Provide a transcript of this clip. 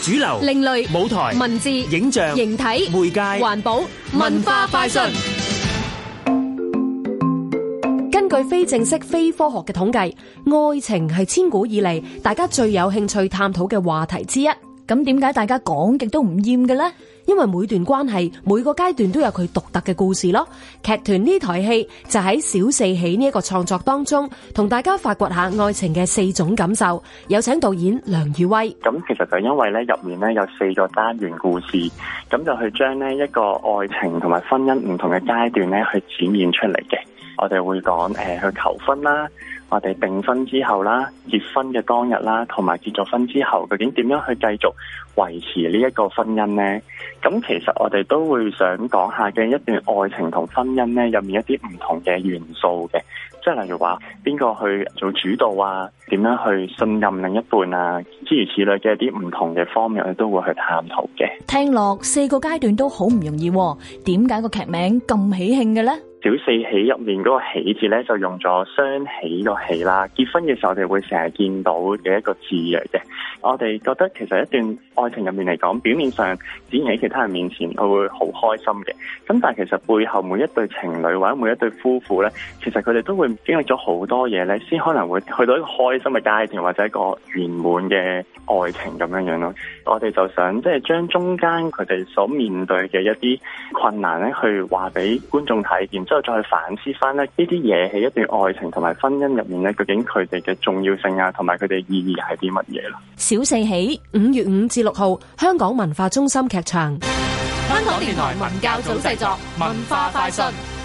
主流、另類、舞台、文字、影像、形體、媒介、環保、文化快訊。根據非正式、非科學嘅統計，愛情係千古以嚟大家最有興趣探討嘅話題之一。咁點解大家講極都唔厭嘅呢？因為每段關係，每個階段都有佢獨特嘅故事咯。劇團呢台戲就喺小四喜呢一個創作當中，同大家發掘下愛情嘅四種感受。有請導演梁宇威。咁其實就因為咧入面咧有四個單元故事，咁就去將呢一個愛情同埋婚姻唔同嘅階段咧去展現出嚟嘅。我哋會講誒去求婚啦。我哋訂婚之後啦，結婚嘅當日啦，同埋結咗婚之後，究竟點樣去繼續維持呢一個婚姻呢？咁其實我哋都會想講下嘅一段愛情同婚姻呢入面一啲唔同嘅元素嘅，即係例如話邊個去做主導啊，點樣去信任另一半啊，諸如此類嘅一啲唔同嘅方面，我哋都會去探討嘅。聽落四個階段都好唔容易啊，點解個劇名咁喜慶嘅呢？小四喜入面嗰個喜字咧，就用咗雙喜個喜啦。結婚嘅時候，我哋會成日見到嘅一個字嚟嘅。我哋覺得其實一段愛情入面嚟講，表面上展現喺其他人面前，佢會好開心嘅。咁但係其實背後每一對情侶或者每一對夫婦咧，其實佢哋都會經歷咗好多嘢咧，先可能會去到一個開心嘅階段，或者一個圓滿嘅愛情咁樣樣咯。我哋就想即係將中間佢哋所面對嘅一啲困難咧，去話俾觀眾睇見。再去反思翻咧，呢啲嘢喺一段愛情同埋婚姻入面咧，究竟佢哋嘅重要性啊，同埋佢哋意義係啲乜嘢啦？小四喜，五月五至六號，香港文化中心劇場。香港電台文教組製作，文化快訊。